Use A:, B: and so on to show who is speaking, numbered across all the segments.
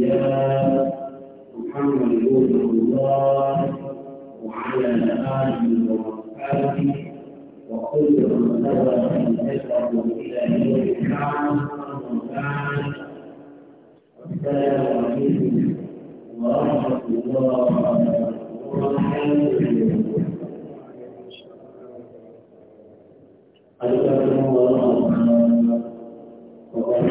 A: الأنبياء محمد بن الله وعلى آله وأصحابه وكل من نظر إلى يوم القيامة وكان السلام عليكم ورحمة الله وبركاته أجل الله وقال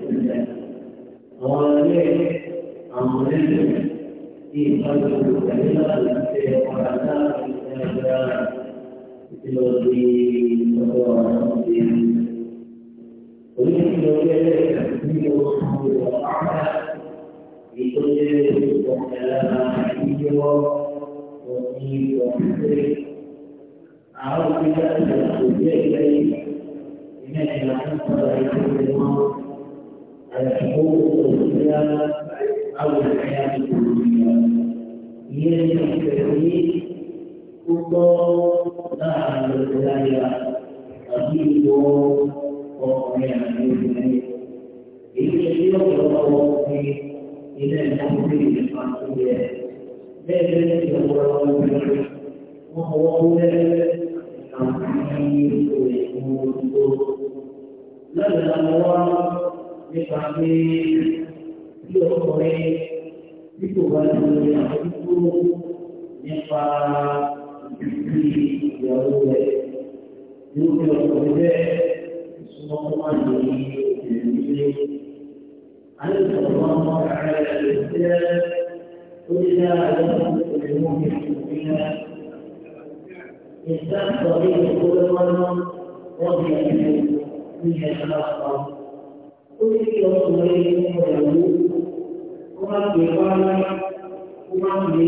A: sílẹ̀ àwọn ilé àwọn onílé ní ìtọ́jú ìtẹ̀lé náà lè ṣe ọ̀rọ̀ náà ní ẹgbẹ́ títí lọ sí ọ̀dọ̀ àwọn ìlú. Oníṣẹ́ ìlú ẹgbẹ́ ní oṣù ọ̀pá ìtọ́jú ìtọ́jú ìjọ òní ìtọ́jú àwọn ìgbésẹ̀ ìgbésẹ̀ ìgbésẹ̀ ìgbésẹ̀ ìgbésẹ̀ ìgbésẹ̀ على حقوق الإسلام أو الحياة الدنيا هي التكليف كله نحن الولاية قديم وقوية الإسلام يجب أن يكون إلى الحكم الإسلامية لا يجب وهو أولى الحكيم ويكون لنا الله nípa pé bí ọkùnrin bí kò bá ti lè àbójútó nípa ìdílé ìyàwó rẹ̀ yóò fi ọkùnrin bẹ́ẹ̀ ìsúná tó máa ń yẹ ìdílé nílé. Àyẹ̀wò àwọn ọmọ ààrẹ rẹ̀ ti jẹ́ ó ó ní kí ọkùnrin ọmọ ìyàwó ó má pè wáyé ó má pè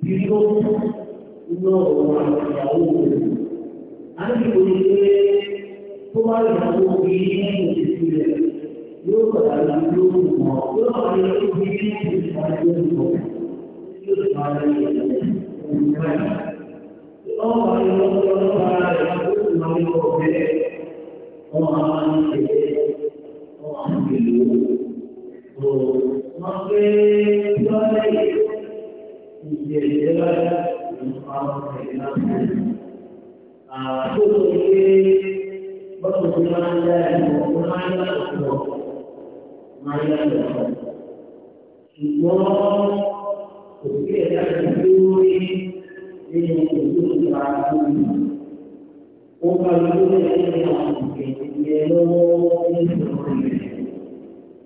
A: ìbíló inú ọ̀rọ̀ àwọn ìyàwó rẹ̀. a ń dìbò ọ̀hún ó máa ń yàtọ̀ máa àwọn ìgbẹ̀yìn lọ́wọ́ nínú ìgbẹ̀yìn.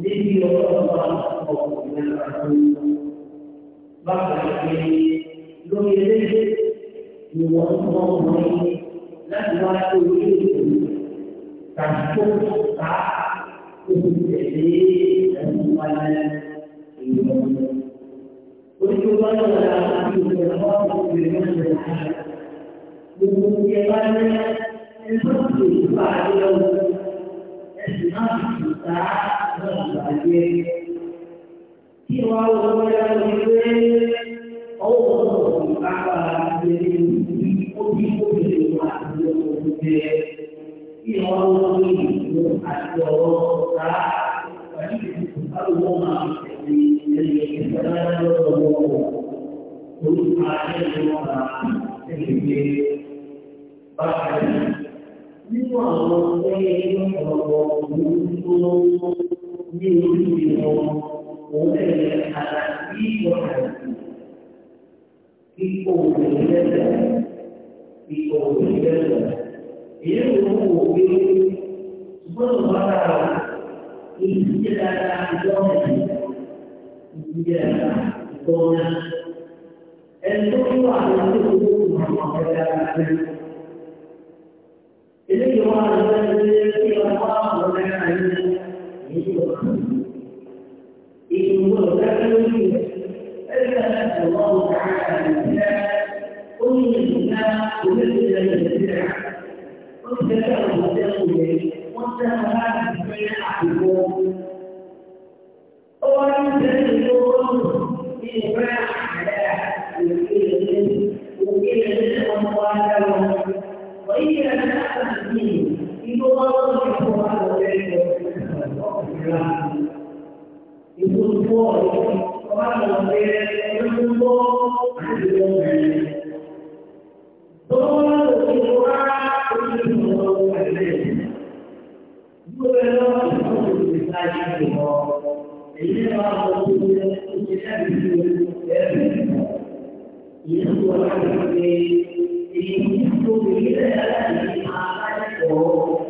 A: الذي وضع الله من العدو بعد الحديث لم يزل يوضع مريض لم يكن تنفق تعب وتسعيد ولا قلت الله ولا أعطيه الخاص بالمنزل الحسن ومن يقال الفضل بعد يوم ẹ̀sìn náà ti tù nínú àwọn ọ̀pẹ́ ọ̀pọ̀ òwúrò ní orí wọn òun tẹ̀lé àlàyé ìjọba kíkó òwúrò lẹ́sẹ̀ kíkó òwúrò lẹ́sẹ̀. Èyí ló ń wò pé gbọ́dọ̀ bára ìdíje dáadáa ìjọba ìdíje dáadáa ìjọba ẹni tó wà lórí ìwé ìwé ìwé ìwé ìwé. وإن كان 我用欢乐的歌声感谢你，所有的苦难都已过去。无论我走到哪里，你的爱都围绕着我。每当我遇到困难时，甜蜜的歌，你是我最甜蜜的爱的歌。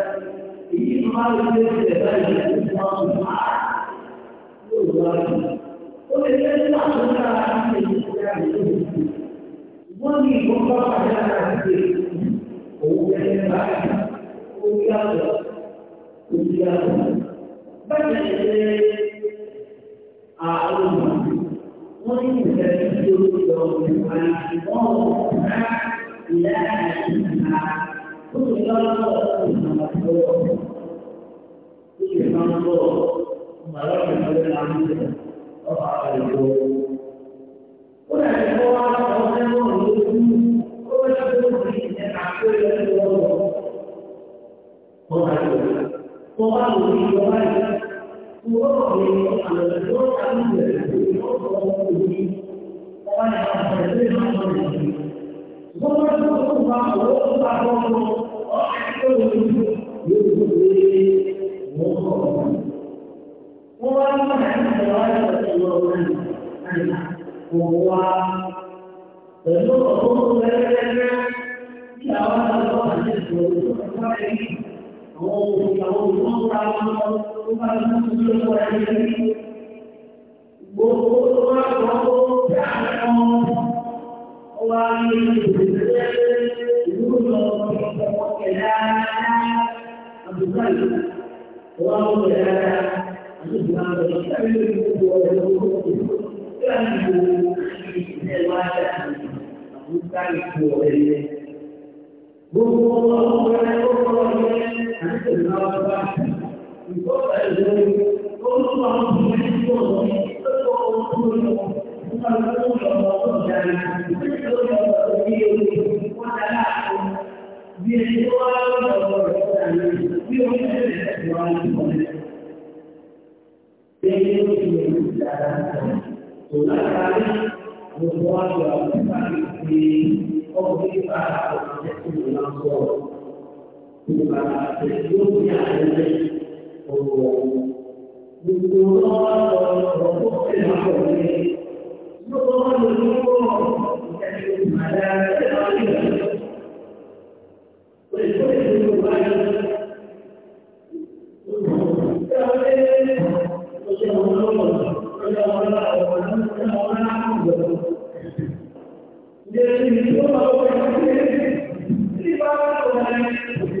A: لا أنها كل ذلك 解放后，买了很多的粮食，我爸爸就我感觉说，他老太公努力种，后来他们自己也打出了很我好菜我爸努力，我爸也，我老爹也，他们都我多干点，多种点地。我爸也干，他们都是多种我地。我老爹种地，我老爹种地，我奶奶种地，我奶奶种地。وهو أن عند رواية رضي الله عنه وهو يقول الرسول صلى الله عليه وسلم إذا أراد الله أن يسلم Thank you. الله تعالى أنزلنا بالكتاب الذي هو الهدى
B: وهو الله تعالى
A: يغني عن البيت وهو بالدولار وحقوق العقلية نظرا للامور تحكم على الغالبة ولكل المبالغ Thank you.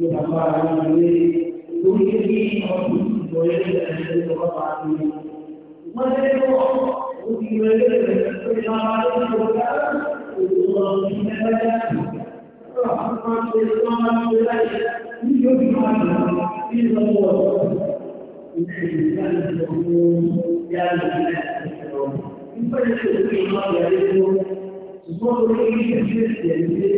A: يتقال عن المريض ويجي ويجد أن يجد قطعة منه ولا يروح وفي مجال الإسلام عليه السلام ويقول في نبات رحمة الإسلام عليه يجب عنها في الضوء إن الإنسان يقوم يعلم الناس يفرق في الله يعلمه سبحانه وتعالى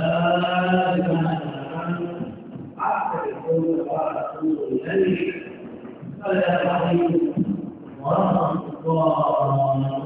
A: ذلك حتى يكون رسول الله فلا
B: يعلم ورحمه الله